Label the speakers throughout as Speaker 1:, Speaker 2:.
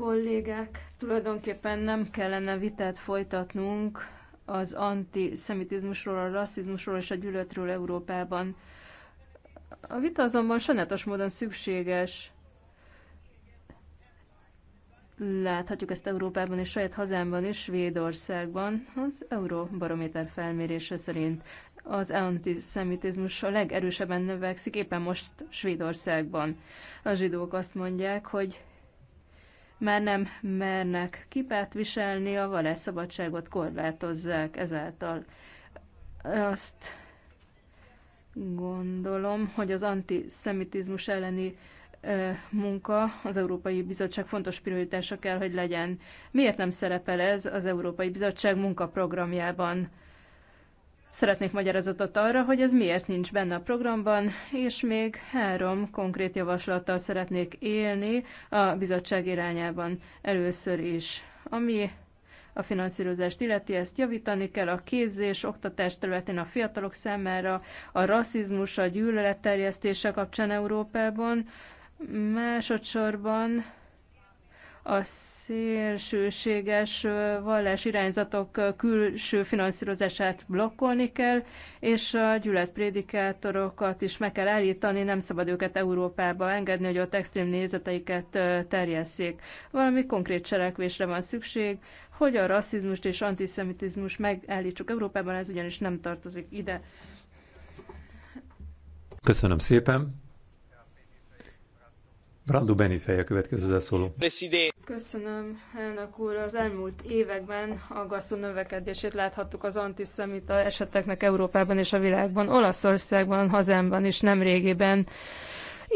Speaker 1: kollégák, tulajdonképpen nem kellene vitát folytatnunk az antiszemitizmusról, a rasszizmusról és a gyűlöletről Európában. A vita azonban sajnálatos módon szükséges. Láthatjuk ezt Európában és saját hazámban és Svédországban, az Euróbarométer felmérése szerint az antiszemitizmus a legerősebben növekszik, éppen most Svédországban. A zsidók azt mondják, hogy már nem mernek kipát viselni, a vallásszabadságot korlátozzák ezáltal. Azt gondolom, hogy az antiszemitizmus elleni munka az Európai Bizottság fontos prioritása kell, hogy legyen. Miért nem szerepel ez az Európai Bizottság munkaprogramjában? Szeretnék magyarázatot arra, hogy ez miért nincs benne a programban, és még három konkrét javaslattal szeretnék élni a bizottság irányában először is, ami a finanszírozást illeti, ezt javítani kell a képzés, oktatás területén a fiatalok számára, a rasszizmus, a gyűlöletterjesztése kapcsán Európában, másodszorban a szélsőséges vallás irányzatok külső finanszírozását blokkolni kell, és a prédikátorokat is meg kell állítani, nem szabad őket Európába engedni, hogy ott extrém nézeteiket terjesszék. Valami konkrét cselekvésre van szükség, hogy a rasszizmust és antiszemitizmus megállítsuk Európában, ez ugyanis nem tartozik ide.
Speaker 2: Köszönöm szépen! Brando Benifej a következő szóló.
Speaker 1: Köszönöm, elnök úr. Az elmúlt években aggasztó növekedését láthattuk az antiszemita eseteknek Európában és a világban. Olaszországban, hazámban is Nem nemrégiben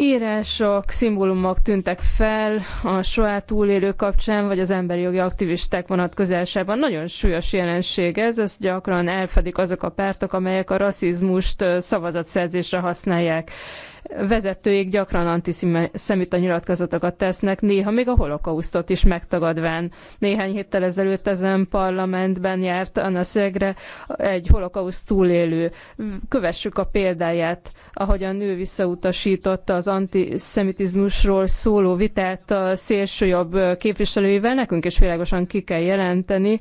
Speaker 1: írások, szimbólumok tűntek fel a soá túlélő kapcsán, vagy az emberi jogi aktivisták vonatkozásában. Nagyon súlyos jelenség ez, ezt gyakran elfedik azok a pártok, amelyek a rasszizmust szavazatszerzésre használják vezetőik gyakran antiszemita nyilatkozatokat tesznek, néha még a holokausztot is megtagadván. Néhány héttel ezelőtt ezen parlamentben járt Anna Szegre egy holokauszt túlélő. Kövessük a példáját, ahogy a nő visszautasította az antiszemitizmusról szóló vitát a szélsőjobb képviselőivel, nekünk is világosan ki kell jelenteni,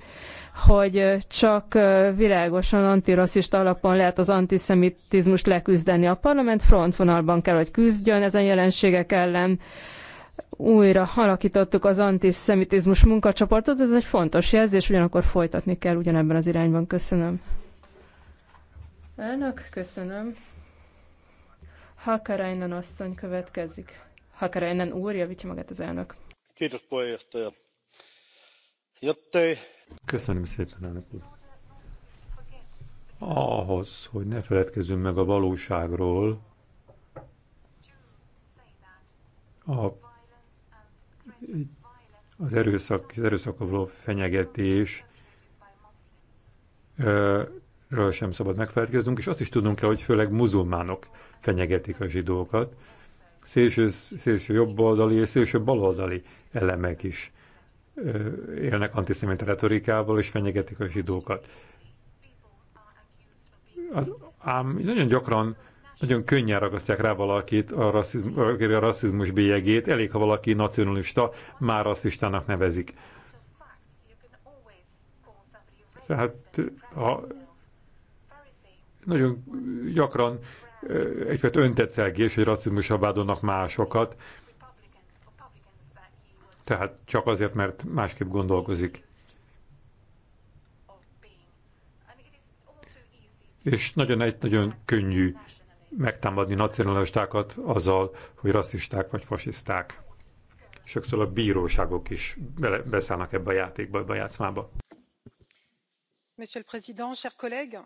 Speaker 1: hogy csak világosan antirasszista alapon lehet az antiszemitizmust leküzdeni. A parlament frontvonalban kell, hogy küzdjön ezen jelenségek ellen. Újra alakítottuk az antiszemitizmus munkacsoportot, ez egy fontos jelzés, ugyanakkor folytatni kell ugyanebben az irányban. Köszönöm. Elnök, köszönöm. Hakarainen asszony következik. Hakarainen úr, javítja magát az
Speaker 3: elnök. Kiitos puheenjohtaja. Jottei
Speaker 2: Köszönöm szépen, elnök úr. Ahhoz, hogy ne feledkezzünk meg a valóságról, a, az erőszak, az erőszakkal való fenyegetés ről sem szabad megfelelkeznünk, és azt is tudnunk kell, hogy főleg muzulmánok fenyegetik a zsidókat. Szélső, szélső jobboldali és szélső baloldali elemek is élnek antiszemita retorikával és fenyegetik a zsidókat. Az, ám nagyon gyakran, nagyon könnyen ragasztják rá valakit a rasszizm, a rasszizmus bélyegét, elég, ha valaki nacionalista, már rasszistának nevezik. Tehát ha nagyon gyakran egyfajta öntetszelgés, hogy rasszizmusra vádolnak másokat, tehát csak azért, mert másképp gondolkozik. És nagyon egy nagyon könnyű megtámadni nacionalistákat azzal, hogy rasszisták vagy fasiszták. Sokszor a bíróságok is beszállnak ebbe a játékba, ebbe a játszmába.
Speaker 4: Monsieur le Président, chers collègues.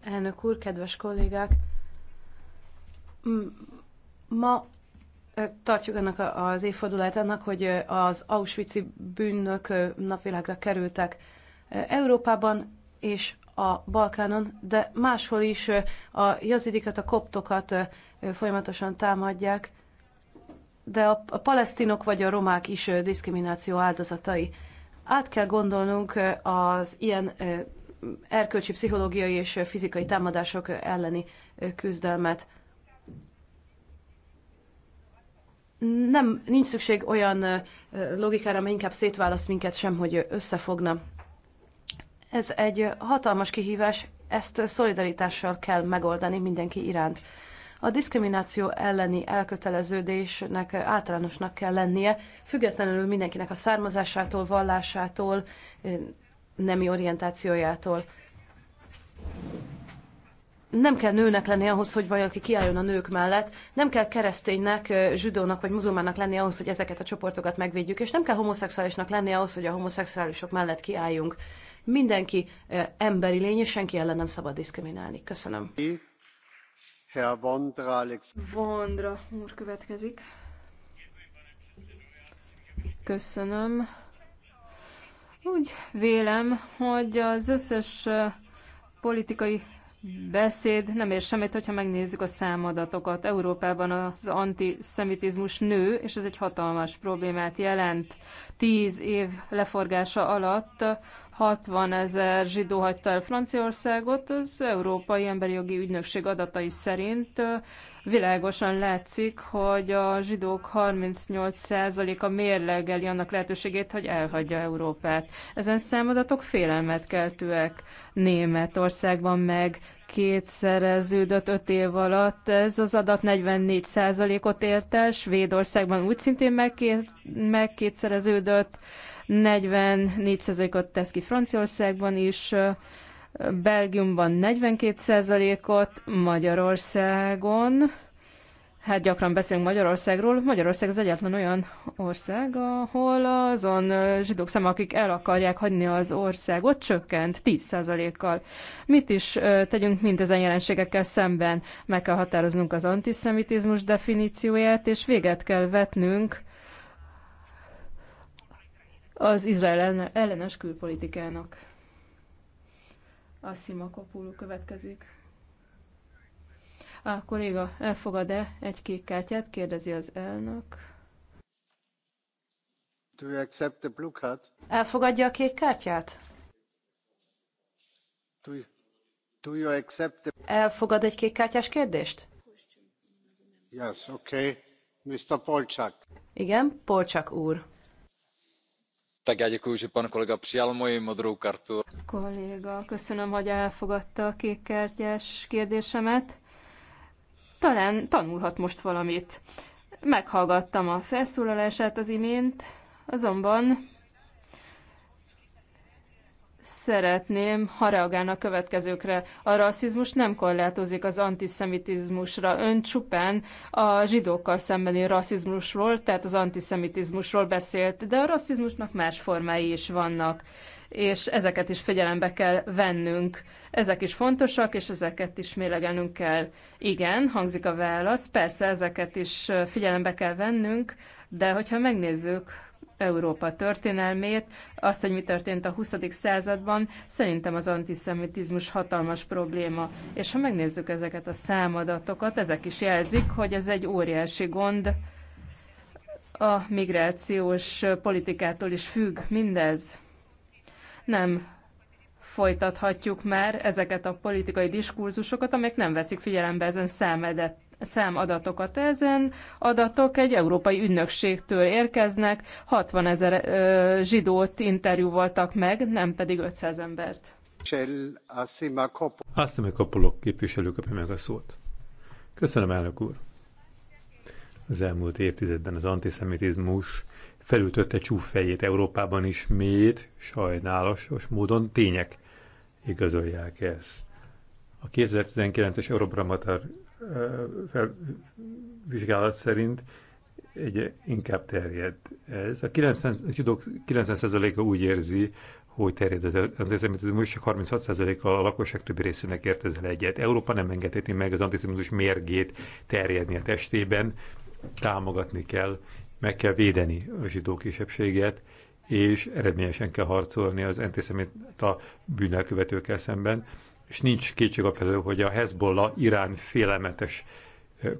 Speaker 5: Elnök úr, kedves kollégák! Ma tartjuk annak az évfordulát annak, hogy az auschwitz bűnök napvilágra kerültek Európában és a Balkánon, de máshol is a jazidikat, a koptokat folyamatosan támadják, de a, a palesztinok vagy a romák is diszkrimináció áldozatai. Át kell gondolnunk az ilyen erkölcsi, pszichológiai és fizikai támadások elleni küzdelmet nem, nincs szükség olyan logikára, amely inkább szétválaszt minket sem, hogy összefogna. Ez egy hatalmas kihívás, ezt szolidaritással kell megoldani mindenki iránt. A diszkrimináció elleni elköteleződésnek általánosnak kell lennie, függetlenül mindenkinek a származásától, vallásától, nemi orientációjától nem kell nőnek lenni ahhoz, hogy valaki kiálljon a nők mellett, nem kell kereszténynek, zsidónak vagy muzulmának lenni ahhoz, hogy ezeket a csoportokat megvédjük, és nem kell homoszexuálisnak lenni ahhoz, hogy a homoszexuálisok mellett kiálljunk. Mindenki emberi lény, és senki ellen nem szabad diszkriminálni. Köszönöm.
Speaker 2: Herr
Speaker 3: Vondra, Alex.
Speaker 1: Vondra úr következik. Köszönöm. Úgy vélem, hogy az összes politikai beszéd nem ér semmit, hogyha megnézzük a számadatokat. Európában az antiszemitizmus nő, és ez egy hatalmas problémát jelent. Tíz év leforgása alatt 60 ezer zsidó hagyta el Franciaországot. Az Európai Emberi Jogi Ügynökség adatai szerint világosan látszik, hogy a zsidók 38%-a mérlegeli annak lehetőségét, hogy elhagyja Európát. Ezen számadatok félelmet keltőek. Németországban meg kétszereződött öt év alatt. Ez az adat 44%-ot ért el, Svédországban úgy szintén megkétszereződött. Meg 44%-ot tesz ki Franciaországban is, Belgiumban 42%-ot, Magyarországon, hát gyakran beszélünk Magyarországról, Magyarország az egyetlen olyan ország, ahol azon zsidók száma, akik el akarják hagyni az országot, csökkent 10%-kal. Mit is tegyünk mindezen jelenségekkel szemben? Meg kell határoznunk az antiszemitizmus definícióját, és véget kell vetnünk az Izrael ellenes külpolitikának. A Kopulu következik. A kolléga elfogad-e egy kék kártyát? Kérdezi az elnök.
Speaker 3: Do you accept the blue card?
Speaker 1: Elfogadja a kék kártyát?
Speaker 3: Do you, do you accept the...
Speaker 5: Elfogad egy kék kártyás kérdést?
Speaker 3: Yes, okay. Mr. Polchak.
Speaker 5: Igen, Polcsak
Speaker 2: úr. Tak kartu.
Speaker 1: Kolléga, köszönöm, hogy elfogadta a kékkártyás kérdésemet. Talán tanulhat most valamit. Meghallgattam a felszólalását az imént, azonban szeretném, ha reagálna a következőkre. A rasszizmus nem korlátozik az antiszemitizmusra. Ön csupán a zsidókkal szembeni rasszizmusról, tehát az antiszemitizmusról beszélt, de a rasszizmusnak más formái is vannak és ezeket is figyelembe kell vennünk. Ezek is fontosak, és ezeket is mélegelnünk kell. Igen, hangzik a válasz, persze ezeket is figyelembe kell vennünk, de hogyha megnézzük Európa történelmét, azt, hogy mi történt a 20. században, szerintem az antiszemitizmus hatalmas probléma. És ha megnézzük ezeket a számadatokat, ezek is jelzik, hogy ez egy óriási gond, a migrációs politikától is függ mindez. Nem folytathatjuk már ezeket a politikai diskurzusokat, amelyek nem veszik figyelembe ezen számadatokat. Ezen adatok egy európai ügynökségtől érkeznek, 60 ezer zsidót interjúvoltak meg, nem pedig 500 embert.
Speaker 2: Asszime Kapolok képviselő kapja meg a szót. Köszönöm, elnök úr! Az elmúlt évtizedben az antiszemitizmus felütötte csúffejét Európában is ismét, sajnálatos módon tények igazolják ezt. A 2019-es Eurobarometer vizsgálat szerint egy, inkább terjed ez. A 90, a 90%-a úgy érzi, hogy terjed az antiszemitizmus, csak 36%-a a lakosság többi részének ért ezzel egyet. Európa nem engedheti meg az antiszemitizmus mérgét terjedni a testében, támogatni kell, meg kell védeni a zsidó kisebbséget, és eredményesen kell harcolni az antiszemita bűnelkövetőkkel szemben és nincs kétség a felől, hogy a Hezbollah Irán félelmetes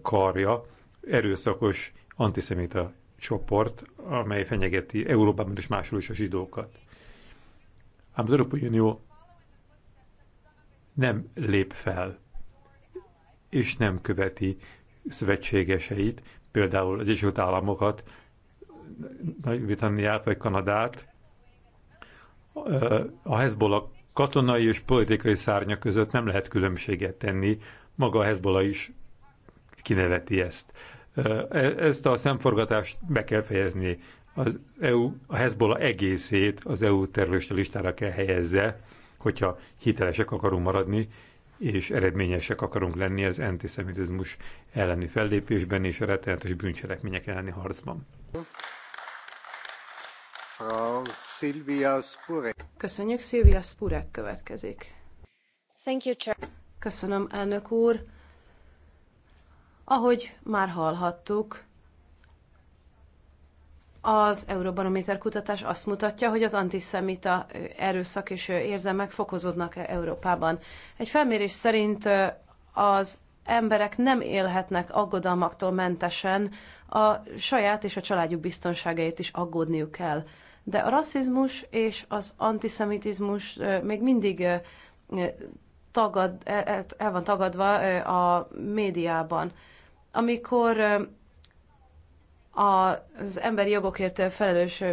Speaker 2: karja, erőszakos antiszemita csoport, amely fenyegeti Európában és máshol is a zsidókat. Ám az Európai Unió nem lép fel, és nem követi szövetségeseit, például az Egyesült Államokat, Nagy-Britanniát vagy Kanadát, a Hezbollah katonai és politikai szárnya között nem lehet különbséget tenni. Maga a Hezbollah is kineveti ezt. E, ezt a szemforgatást be kell fejezni. Az EU, a Hezbollah egészét az EU terrorista listára kell helyezze, hogyha hitelesek akarunk maradni, és eredményesek akarunk lenni az antiszemitizmus elleni fellépésben és a rettenetes bűncselekmények elleni harcban.
Speaker 5: Köszönjük, Silvia Spurek következik. Thank you, Chair. Köszönöm, elnök úr. Ahogy már hallhattuk, az Eurobarométer kutatás azt mutatja, hogy az antiszemita erőszak és érzelmek fokozódnak Európában. Egy felmérés szerint az emberek nem élhetnek aggodalmaktól mentesen, a saját és a családjuk biztonságáért is aggódniuk kell. De a rasszizmus és az antiszemitizmus még mindig tagad, el van tagadva a médiában. Amikor az emberi jogokért felelős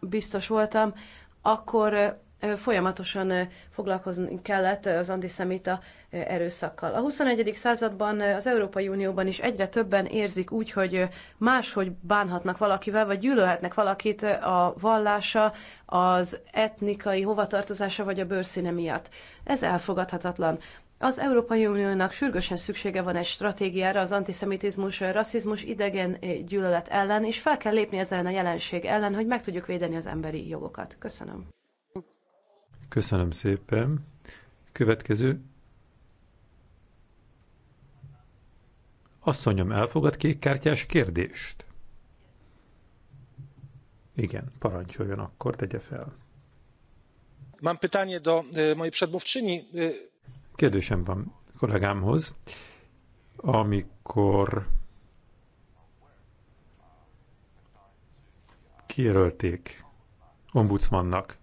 Speaker 5: biztos voltam, akkor folyamatosan foglalkozni kellett az antiszemita erőszakkal. A 21. században az Európai Unióban is egyre többen érzik úgy, hogy máshogy bánhatnak valakivel, vagy gyűlölhetnek valakit a vallása, az etnikai hovatartozása, vagy a bőrszíne miatt. Ez elfogadhatatlan. Az Európai Uniónak sürgősen szüksége van egy stratégiára az antiszemitizmus, rasszizmus, idegen gyűlölet ellen, és fel kell lépni ezzel a jelenség ellen, hogy meg tudjuk védeni az emberi jogokat. Köszönöm.
Speaker 2: Köszönöm szépen. Következő. Asszonyom, elfogad kékkártyás kérdést? Igen, parancsoljon akkor, tegye fel.
Speaker 6: Mam pytanie do e, mojej przedmówczyni. E,
Speaker 2: Kérdésem van kollégámhoz. Amikor kijelölték ombudsmannak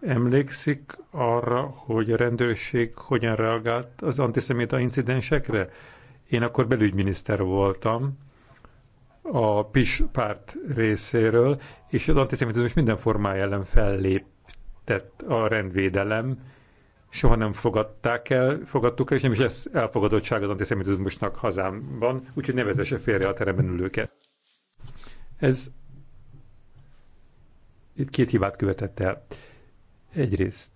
Speaker 2: Emlékszik arra, hogy a rendőrség hogyan reagált az antiszemita incidensekre? Én akkor belügyminiszter voltam a PIS párt részéről, és az antiszemitizmus minden formája ellen felléptett a rendvédelem, soha nem fogadták el, fogadtuk el, és nem is lesz elfogadottság az antiszemitizmusnak hazámban, úgyhogy nevezese félre a teremben ülőket. Ez itt két hibát követett el. Egyrészt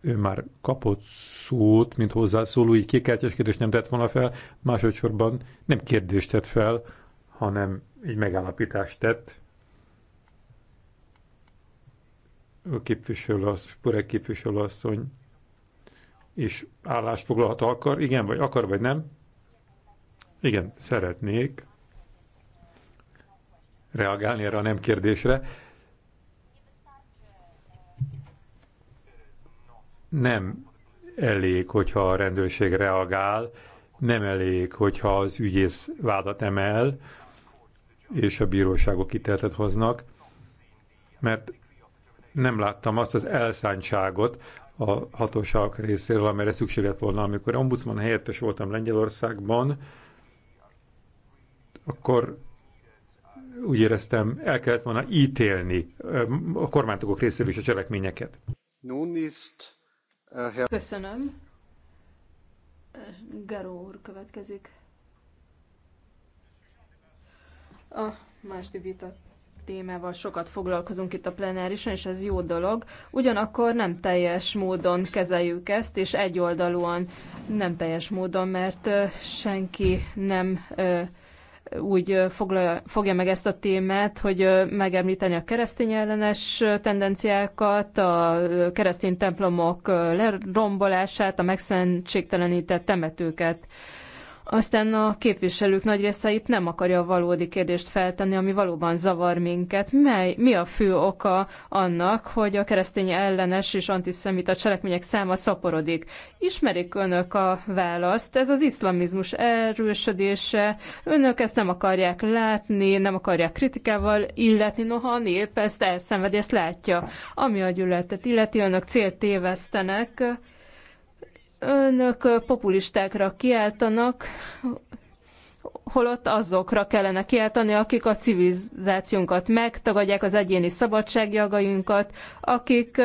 Speaker 2: ő már kapott szót, mint hozzászóló, így kékkártyás kérdést nem tett volna fel, másodszorban nem kérdést tett fel, hanem egy megállapítást tett. A képviselő, képviselő asszony, és állást foglalhat, akar, igen, vagy akar, vagy nem. Igen, szeretnék reagálni erre a nem kérdésre. nem elég, hogyha a rendőrség reagál, nem elég, hogyha az ügyész vádat emel, és a bíróságok ítéletet hoznak, mert nem láttam azt az elszántságot a hatóságok részéről, amire szükség lett volna. Amikor ombudsman helyettes voltam Lengyelországban, akkor úgy éreztem, el kellett volna ítélni a kormánytokok részéről is a cselekményeket.
Speaker 3: Nun ist Köszönöm.
Speaker 1: Garó úr következik. A más vita témával sokat foglalkozunk itt a plenárison, és ez jó dolog. Ugyanakkor nem teljes módon kezeljük ezt, és egyoldalúan nem teljes módon, mert senki nem úgy fogla, fogja meg ezt a témát, hogy megemlíteni a keresztény ellenes tendenciákat, a keresztény templomok lerombolását, a megszentségtelenített temetőket. Aztán a képviselők nagy része itt nem akarja a valódi kérdést feltenni, ami valóban zavar minket. Mely, mi a fő oka annak, hogy a keresztény ellenes és antiszemita cselekmények száma szaporodik? Ismerik önök a választ, ez az iszlamizmus erősödése, önök ezt nem akarják látni, nem akarják kritikával illetni, noha a nép ezt elszenvedi, ezt látja. Ami a gyűlöletet illeti, önök céltévesztenek. tévesztenek, önök populistákra kiáltanak, holott azokra kellene kiáltani, akik a civilizációnkat megtagadják, az egyéni szabadságjagainkat, akik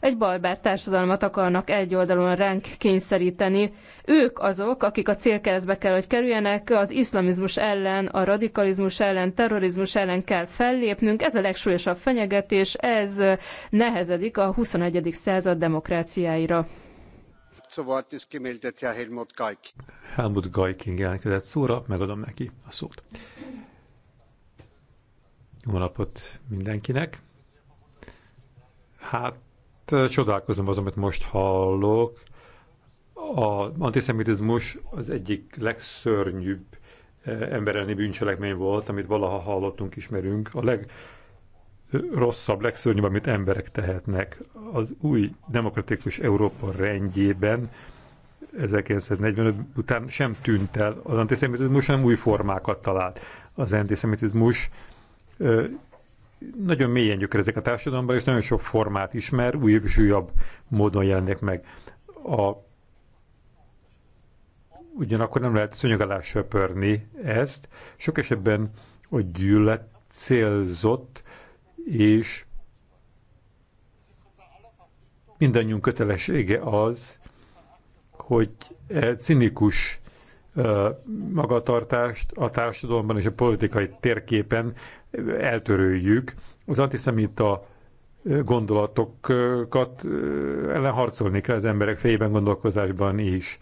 Speaker 1: egy barbár társadalmat akarnak egy oldalon ránk kényszeríteni. Ők azok, akik a célkeresztbe kell, hogy kerüljenek, az iszlamizmus ellen, a radikalizmus ellen, terrorizmus ellen kell fellépnünk, ez a legsúlyosabb fenyegetés, ez nehezedik a 21. század demokráciáira
Speaker 3: zu Wort ist gemeldet Helmut Galk.
Speaker 2: Helmut Galking jelentkezett szóra, megadom neki a szót. Jó napot mindenkinek! Hát csodálkozom az, amit most hallok. a antiszemitizmus az egyik legszörnyűbb emberelni bűncselekmény volt, amit valaha hallottunk, ismerünk. A leg, rosszabb, legszörnyűbb, amit emberek tehetnek. Az új demokratikus Európa rendjében 1945 után sem tűnt el az antiszemitizmus, hanem új formákat talált. Az antiszemitizmus nagyon mélyen gyökerezik a társadalomban, és nagyon sok formát ismer, új és újabb módon jelenik meg. A, ugyanakkor nem lehet szönyög alá söpörni ezt. Sok esetben a gyűlölet célzott és mindannyiunk kötelessége az, hogy e cinikus e, magatartást a társadalomban és a politikai térképen eltöröljük. Az antiszemita e, gondolatokat e, ellen harcolni kell az emberek fejében gondolkozásban is.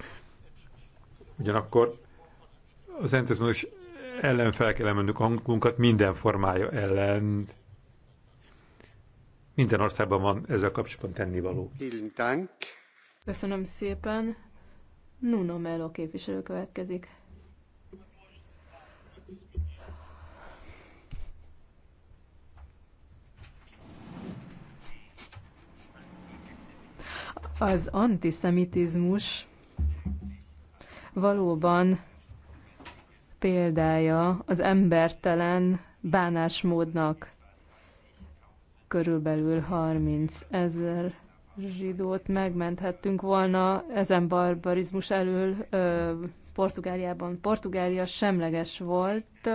Speaker 2: Ugyanakkor az antiszemita ellen fel kell emelnünk hangunkat minden formája ellen, minden országban van ezzel kapcsolatban tennivaló.
Speaker 1: Köszönöm szépen. Nuno Melo képviselő következik. Az antiszemitizmus valóban példája az embertelen bánásmódnak körülbelül 30 ezer zsidót megmenthettünk volna ezen barbarizmus elől ö, Portugáliában. Portugália semleges volt,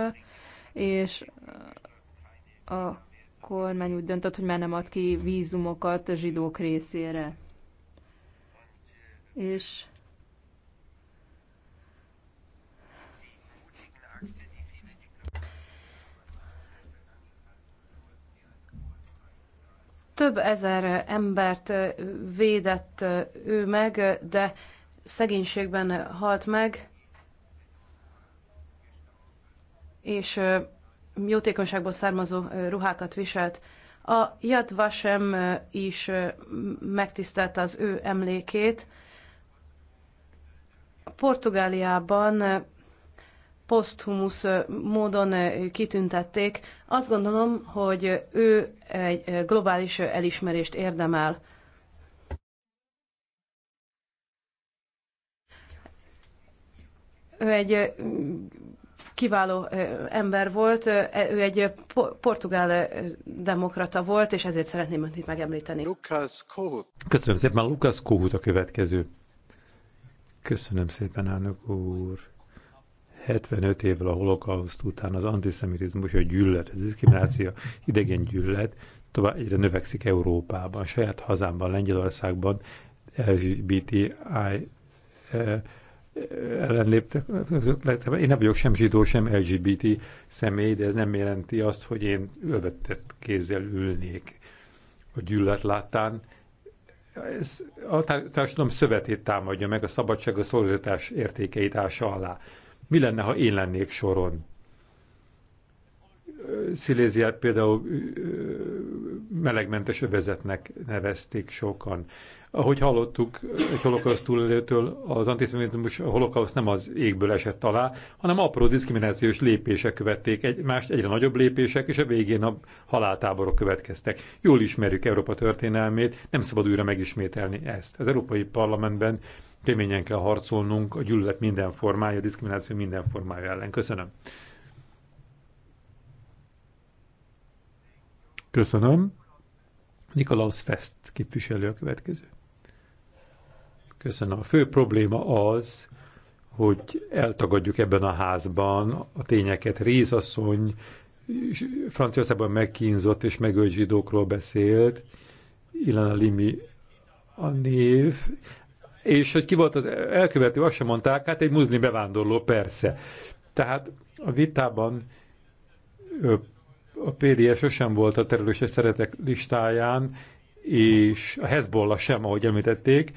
Speaker 1: és a kormány úgy döntött, hogy már nem ad ki vízumokat a zsidók részére. És
Speaker 5: Több ezer embert védett ő meg, de szegénységben halt meg, és jótékonyságból származó ruhákat viselt. A Yad Vashem is megtisztelt az ő emlékét. Portugáliában poszthumusz módon kitüntették. Azt gondolom, hogy ő egy globális elismerést érdemel. Ő egy kiváló ember volt, e, ő egy portugál demokrata volt, és ezért szeretném őt itt megemlíteni. Lucas Kohut.
Speaker 2: Köszönöm szépen, Lukasz Kohut a következő. Köszönöm szépen, elnök úr. 75 évvel a holokauszt után az antiszemitizmus, a gyűlölet, a diszkrimináció, idegen gyűlölet tovább egyre növekszik Európában, saját hazámban, Lengyelországban LGBTI eh, ellen léptek. Eh, én nem vagyok sem zsidó, sem LGBT személy, de ez nem jelenti azt, hogy én ölvetett kézzel ülnék a gyűlölet láttán. Ez a társadalom szövetét támadja meg, a szabadság, a szolidaritás értékeit ása alá. Mi lenne, ha én lennék soron? Sziléziát például melegmentes övezetnek nevezték sokan. Ahogy hallottuk egy holokauszt túlélőtől, az antiszemitizmus a holokauszt nem az égből esett alá, hanem apró diszkriminációs lépések követték egymást, egyre nagyobb lépések, és a végén a haláltáborok következtek. Jól ismerjük Európa történelmét, nem szabad újra megismételni ezt. Az Európai Parlamentben keményen kell harcolnunk a gyűlölet minden formája, a diszkrimináció minden formája ellen. Köszönöm. Köszönöm. Nikolaus Fest képviselő a következő. Köszönöm. A fő probléma az, hogy eltagadjuk ebben a házban a tényeket. Rézasszony Franciaországban megkínzott és megölt zsidókról beszélt, Ilana Limi a név, és hogy ki volt az elkövető, azt sem mondták, hát egy muzni bevándorló, persze. Tehát a vitában a PDS sosem volt a terülőse szeretek listáján, és a Hezbollah sem, ahogy említették,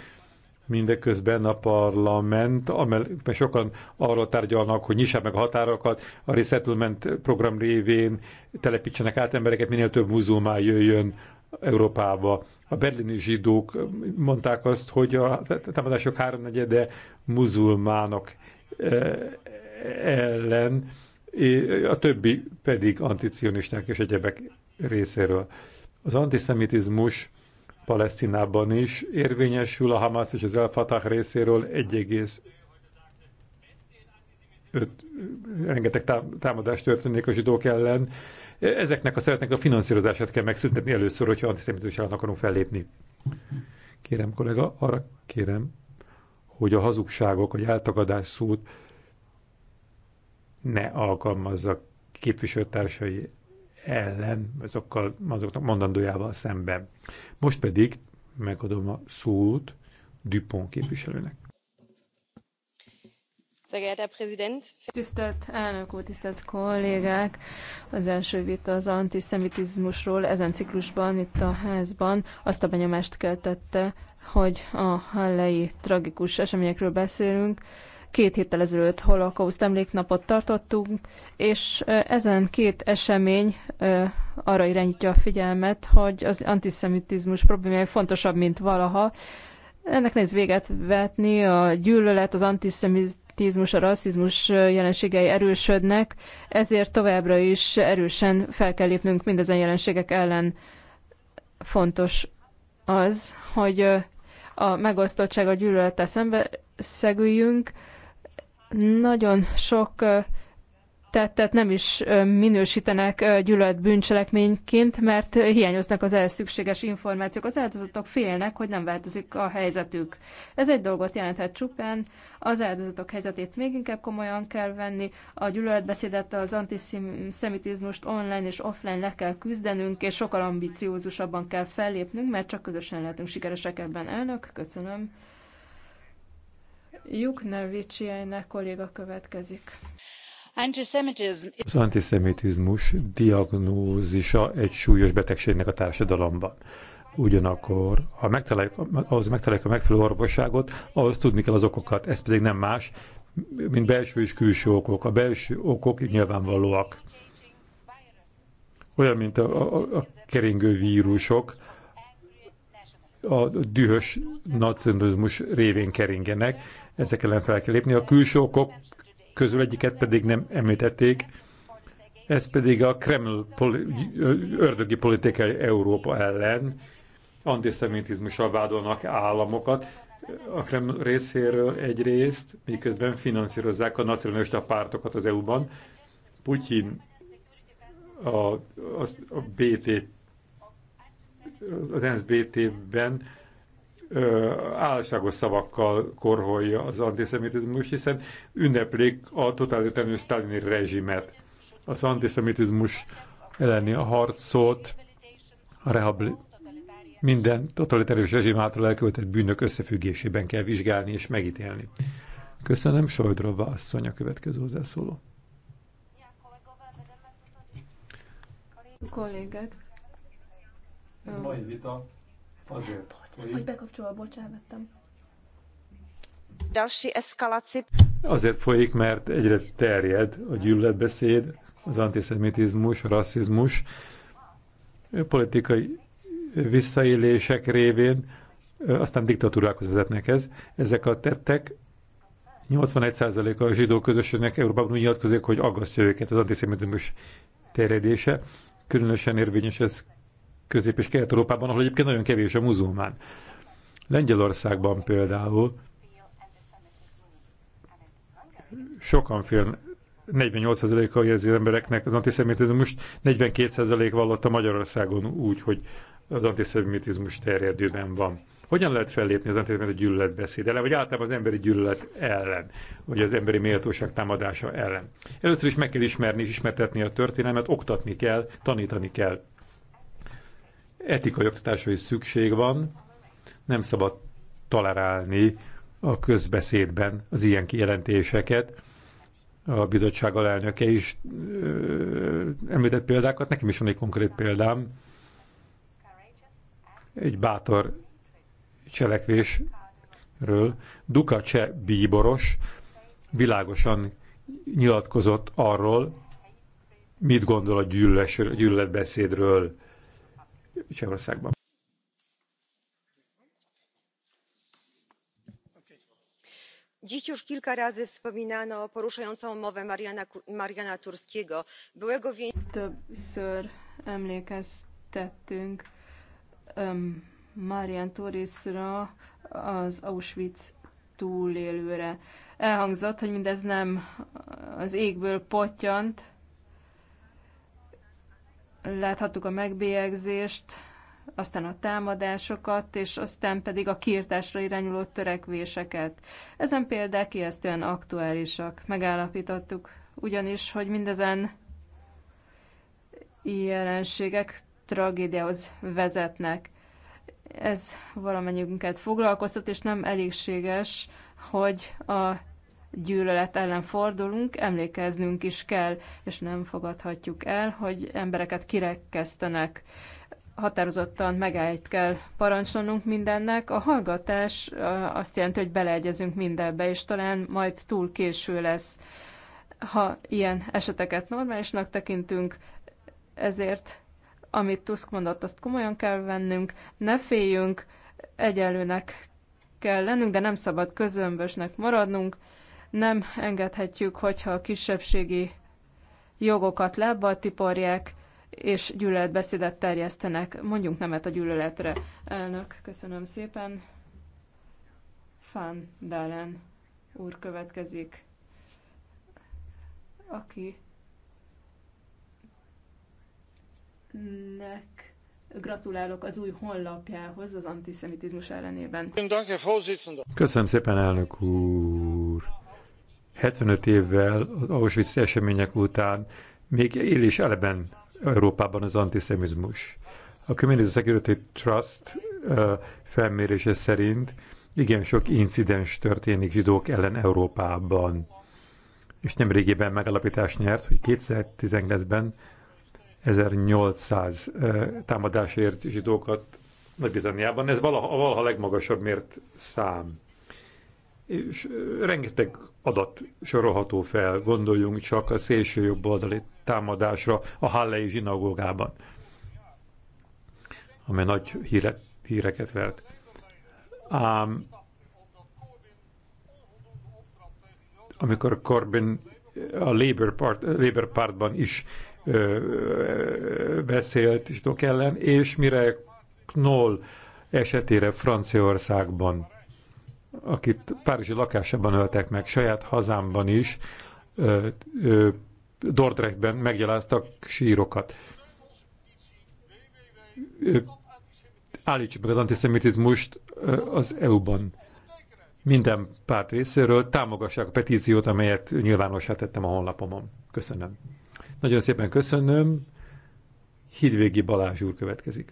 Speaker 2: mindeközben a parlament, amelyben sokan arról tárgyalnak, hogy nyissák meg a határokat, a resettlement program révén telepítsenek át embereket, minél több muzulmán jöjjön Európába. A berlini zsidók mondták azt, hogy a támadások háromnegyede muzulmánok eh, ellen, a többi pedig anticionisták és egyebek részéről. Az antiszemitizmus Palesztinában is érvényesül a Hamas és az El Fatah részéről 1,5 rengeteg támadás történik a zsidók ellen, Ezeknek a szeretnek a finanszírozását kell megszüntetni először, hogyha antiszemitizmus ellen akarunk fellépni. Kérem, kollega, arra kérem, hogy a hazugságok, vagy eltagadás szót ne alkalmazza képviselőtársai ellen, azokkal, azoknak mondandójával szemben. Most pedig megadom a szót Dupont képviselőnek.
Speaker 1: Tisztelt elnök úr, tisztelt kollégák! Az első vita az antiszemitizmusról ezen ciklusban, itt a házban azt a benyomást keltette, hogy a hallei tragikus eseményekről beszélünk. Két héttel ezelőtt holokauszt emléknapot tartottunk, és ezen két esemény arra irányítja a figyelmet, hogy az antiszemitizmus problémája fontosabb, mint valaha. Ennek nehéz véget vetni, a gyűlölet, az antiszemitizmus szeparatizmus, a rasszizmus jelenségei erősödnek, ezért továbbra is erősen fel kell lépnünk mindezen jelenségek ellen. Fontos az, hogy a megosztottság a gyűlölettel szembe szegüljünk. Nagyon sok tettet nem is minősítenek gyűlölet bűncselekményként, mert hiányoznak az elszükséges információk. Az áldozatok félnek, hogy nem változik a helyzetük. Ez egy dolgot jelenthet csupán, az áldozatok helyzetét még inkább komolyan kell venni, a gyűlöletbeszédet, az antiszemitizmust online és offline le kell küzdenünk, és sokkal ambiciózusabban kell fellépnünk, mert csak közösen lehetünk sikeresek ebben. Elnök, köszönöm. Juknevicsiájnek kolléga következik. Az
Speaker 2: antiszemitizmus diagnózisa egy súlyos betegségnek a társadalomban. Ugyanakkor, ha megtaláljuk, ahhoz megtaláljuk a megfelelő orvosságot, ahhoz tudni kell az okokat, ez pedig nem más, mint belső és külső okok. A belső okok nyilvánvalóak. Olyan, mint a, a, a keringő vírusok, a dühös nacionalizmus révén keringenek, ezek ellen fel kell lépni. A külső okok közül egyiket pedig nem említették, ez pedig a Kreml poli, ördögi politikai Európa ellen, antiszemitizmussal vádolnak államokat, a Kreml részéről egyrészt, miközben finanszírozzák a nacionalista pártokat az EU-ban. Putyin a, a, a BT, az ENSZ BT-ben álságos szavakkal korholja az antiszemitizmus, hiszen ünneplik a totalitárius sztálini rezsimet. Az antiszemitizmus elleni a harcot, a rehabli- minden totalitárius rezsim által elkövetett bűnök összefüggésében kell vizsgálni és megítélni. Köszönöm, Sojdrova asszony a következő hozzászóló.
Speaker 1: Kollégák.
Speaker 2: Mai vita Azért. Hogy
Speaker 1: bekapcsolva, bocsánat, vettem. Další eszkaláció.
Speaker 2: Azért folyik, mert egyre terjed a gyűlöletbeszéd, az antiszemitizmus, rasszizmus, politikai visszaélések révén, aztán diktatúrákhoz vezetnek ez. Ezek a tettek 81%-a a zsidó közösségnek Európában úgy nyilatkozik, hogy aggasztja őket az antiszemitizmus terjedése. Különösen érvényes ez Közép- és Kelet-Európában, ahol egyébként nagyon kevés a muzulmán. Lengyelországban például sokan fél, 48%-a érzi az embereknek az antiszemitizmust, 42% a Magyarországon úgy, hogy az antiszemitizmus terjedőben van. Hogyan lehet fellépni az antiszemitizmus gyűlöletbeszéd ellen, vagy általában az emberi gyűlölet ellen, vagy az emberi méltóság támadása ellen? Először is meg kell ismerni és ismertetni a történelmet, oktatni kell, tanítani kell etikai oktatásra is szükség van, nem szabad tolerálni a közbeszédben az ilyen kijelentéseket. A bizottság alelnöke is ö, említett példákat, nekem is van egy konkrét példám. Egy bátor cselekvésről. Duka cseh bíboros világosan nyilatkozott arról, mit gondol a gyűlöletbeszédről Csehországban.
Speaker 5: dziś już kilka razy wspominano
Speaker 1: poruszającą mowę mariana, mariana turskiego byłego więźnia. többször emlékeztettünk um, Marian Turisra, az Auschwitz túlélőre. Elhangzott, hogy mindez nem az égből potyant, láthattuk a megbélyegzést, aztán a támadásokat, és aztán pedig a kiirtásra irányuló törekvéseket. Ezen példák ijesztően aktuálisak, megállapítottuk. Ugyanis, hogy mindezen jelenségek tragédiához vezetnek. Ez valamennyiünket foglalkoztat, és nem elégséges, hogy a gyűlölet ellen fordulunk, emlékeznünk is kell, és nem fogadhatjuk el, hogy embereket kirekesztenek. Határozottan megállt kell parancsolnunk mindennek. A hallgatás azt jelenti, hogy beleegyezünk mindenbe, és talán majd túl késő lesz. Ha ilyen eseteket normálisnak tekintünk, ezért amit Tusk mondott, azt komolyan kell vennünk, ne féljünk, egyenlőnek kell lennünk, de nem szabad közömbösnek maradnunk. Nem engedhetjük, hogyha a kisebbségi jogokat lábbal tiporják, és gyűlöletbeszédet terjesztenek. Mondjunk nemet a gyűlöletre. Elnök, köszönöm szépen. Fan Dalen úr következik, aki nek gratulálok az új honlapjához az antiszemitizmus ellenében.
Speaker 2: Köszönöm szépen, elnök úr! 75 évvel az Auschwitz események után még él is eleben Európában az antiszemizmus. A Community Security Trust felmérése szerint igen sok incidens történik zsidók ellen Európában. És nemrégiben megalapítás nyert, hogy 2019-ben 1800 támadásért zsidókat Nagy-Britanniában. Ez valaha, valaha legmagasabb mért szám. És rengeteg adat sorolható fel, gondoljunk csak a szélső jobb oldali támadásra a Hallei zsinagógában, amely nagy híre, híreket vert. Ám amikor Corbyn a Labour, part, Labour Partban is ö, ö, beszélt Stok ellen, és mire Knoll esetére Franciaországban akit párizsi lakásában öltek meg, saját hazámban is, Dordrechtben megjeláztak sírokat. Állítsuk meg az antiszemitizmust az EU-ban. Minden párt részéről támogassák a petíciót, amelyet nyilvánossá tettem a honlapomon. Köszönöm. Nagyon szépen köszönöm. Hidvégi Balázs úr következik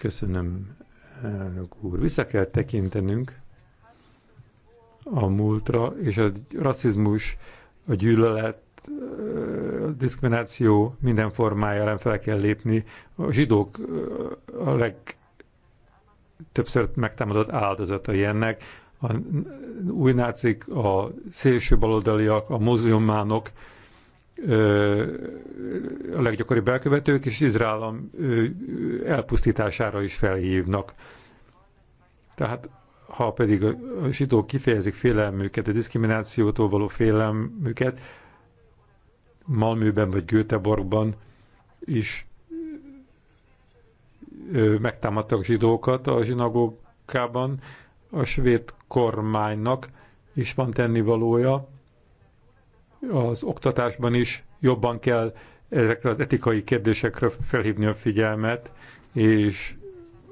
Speaker 2: Köszönöm, elnök úr. Vissza kell tekintenünk a múltra, és a rasszizmus, a gyűlölet, a diszkrimináció minden formája ellen fel kell lépni. A zsidók a legtöbbször megtámadott áldozatai ennek. A új nácik, a szélső baloldaliak, a muzulmánok, a leggyakoribb elkövetők, és Izrael elpusztítására is felhívnak. Tehát ha pedig a zsidók kifejezik félelmüket, a diszkriminációtól való félelmüket, Malműben vagy Göteborgban is megtámadtak zsidókat a zsinagókában, a svéd kormánynak is van tennivalója, az oktatásban is jobban kell ezekre az etikai kérdésekre felhívni a figyelmet, és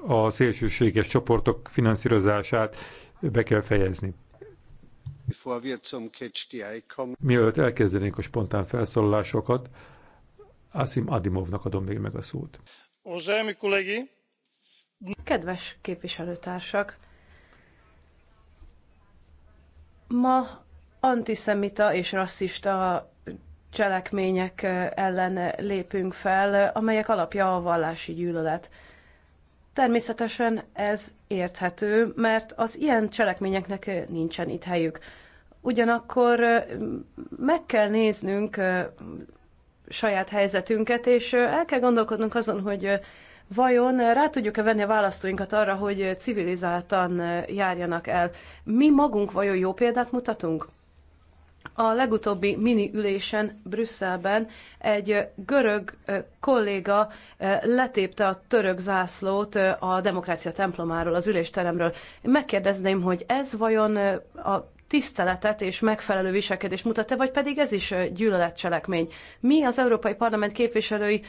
Speaker 2: a szélsőséges csoportok finanszírozását be kell fejezni. Mielőtt elkezdenénk a spontán felszólalásokat, Asim Adimovnak adom még meg a szót.
Speaker 5: Kedves képviselőtársak! Ma antiszemita és rasszista cselekmények ellen lépünk fel, amelyek alapja a vallási gyűlölet. Természetesen ez érthető, mert az ilyen cselekményeknek nincsen itt helyük. Ugyanakkor meg kell néznünk saját helyzetünket, és el kell gondolkodnunk azon, hogy vajon rá tudjuk-e venni a választóinkat arra, hogy civilizáltan járjanak el. Mi magunk vajon jó példát mutatunk? a legutóbbi mini ülésen Brüsszelben egy görög kolléga letépte a török zászlót a demokrácia templomáról, az ülésteremről. Megkérdezném, hogy ez vajon a tiszteletet és megfelelő viselkedést mutat-e, vagy pedig ez is gyűlöletcselekmény. Mi az Európai Parlament képviselői,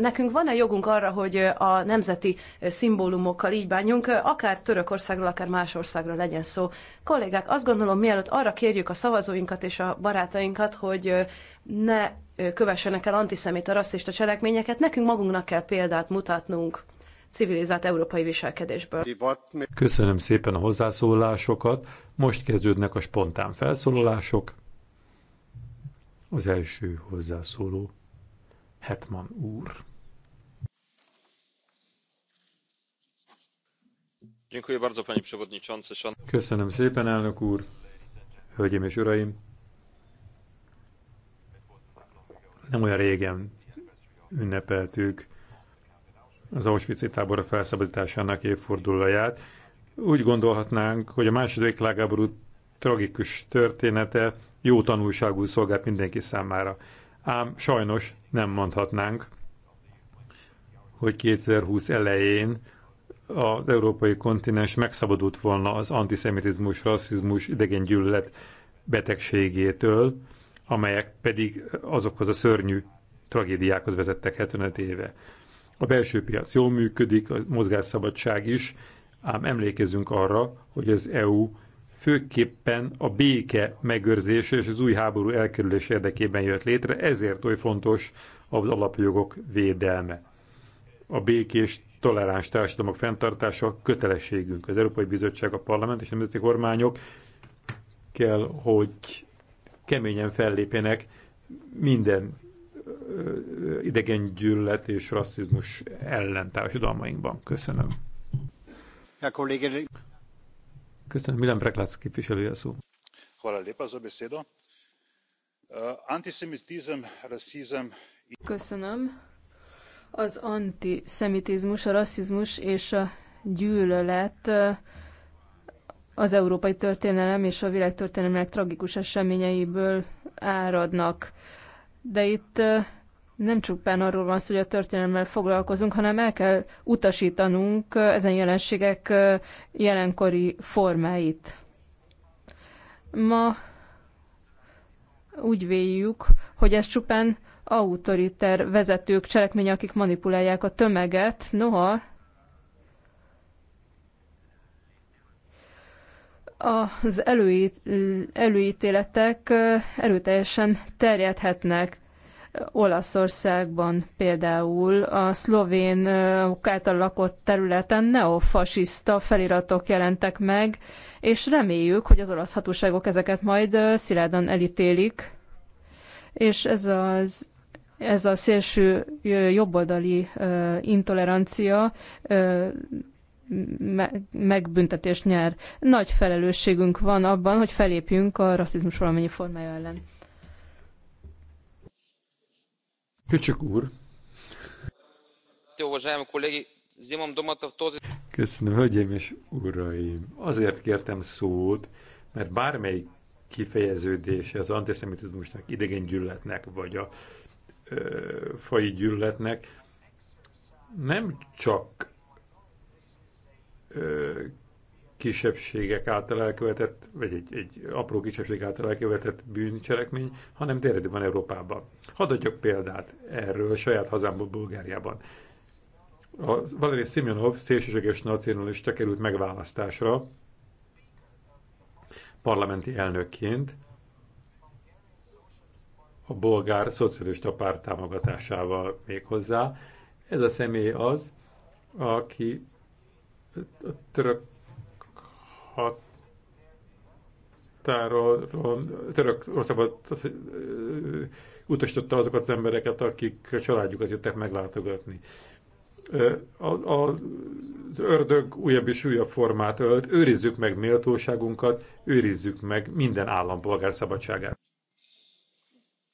Speaker 5: nekünk van-e jogunk arra, hogy a nemzeti szimbólumokkal így bánjunk, akár Törökországról, akár más országról legyen szó. Kollégák, azt gondolom, mielőtt arra kérjük a szavazóinkat és a barátainkat, hogy ne kövessenek el antiszemita, rasszista cselekményeket, nekünk magunknak kell példát mutatnunk civilizált európai viselkedésből.
Speaker 2: Köszönöm szépen a hozzászólásokat. Most kezdődnek a spontán felszólalások. Az első hozzászóló Hetman úr. Köszönöm szépen, elnök úr, hölgyeim és uraim. Nem olyan régen ünnepeltük az Auschwitz tábor felszabadításának évfordulóját. Úgy gondolhatnánk, hogy a második világháború tragikus története jó tanulságú szolgált mindenki számára. Ám sajnos nem mondhatnánk, hogy 2020 elején az európai kontinens megszabadult volna az antiszemitizmus, rasszizmus, gyűlölet betegségétől, amelyek pedig azokhoz a szörnyű tragédiákhoz vezettek 75 éve. A belső piac jól működik, a mozgásszabadság is, ám emlékezzünk arra, hogy az EU főképpen a béke megőrzése és az új háború elkerülés érdekében jött létre, ezért oly fontos az alapjogok védelme. A békés toleráns társadalmak fenntartása kötelességünk. Az Európai Bizottság, a Parlament és a nemzeti kormányok kell, hogy keményen fellépjenek minden idegen gyűlölet és rasszizmus ellen társadalmainkban. Köszönöm.
Speaker 3: Ja, kollége...
Speaker 2: Köszönöm. Milan képviselő a szó. Eh,
Speaker 1: Köszönöm. Az antiszemitizmus, a rasszizmus és a gyűlölet eh, az európai történelem és a világtörténelmek tragikus eseményeiből áradnak de itt nem csupán arról van szó, hogy a történelemmel foglalkozunk, hanem el kell utasítanunk ezen jelenségek jelenkori formáit. Ma úgy véljük, hogy ez csupán autoriter vezetők cselekménye, akik manipulálják a tömeget, noha az előítéletek erőteljesen terjedhetnek. Olaszországban például a szlovén által lakott területen neofasiszta feliratok jelentek meg, és reméljük, hogy az olasz hatóságok ezeket majd szilárdan elítélik, és ez, az, ez a szélső jobboldali intolerancia megbüntetést nyer. Nagy felelősségünk van abban, hogy felépjünk a rasszizmus valamennyi formája ellen.
Speaker 2: Köcsök úr! Köszönöm, hölgyeim és uraim! Azért kértem szót, mert bármelyik kifejeződése az antiszemitizmusnak, idegen gyűlöletnek, vagy a ö, fai gyűlöletnek nem csak kisebbségek által elkövetett, vagy egy, egy apró kisebbség által elkövetett bűncselekmény, hanem tényleg van Európában. Hadd adjak példát erről saját hazámból, Bulgáriában. A Valéry Simjonov szélsőséges nacionalista került megválasztásra parlamenti elnökként a bolgár szocialista párt támogatásával még Ez a személy az, aki a török határól, Törökországba utasította azokat az embereket, akik a családjukat jöttek meglátogatni. A, a, az ördög újabb és újabb formát ölt, őrizzük meg méltóságunkat, őrizzük meg minden állampolgár szabadságát.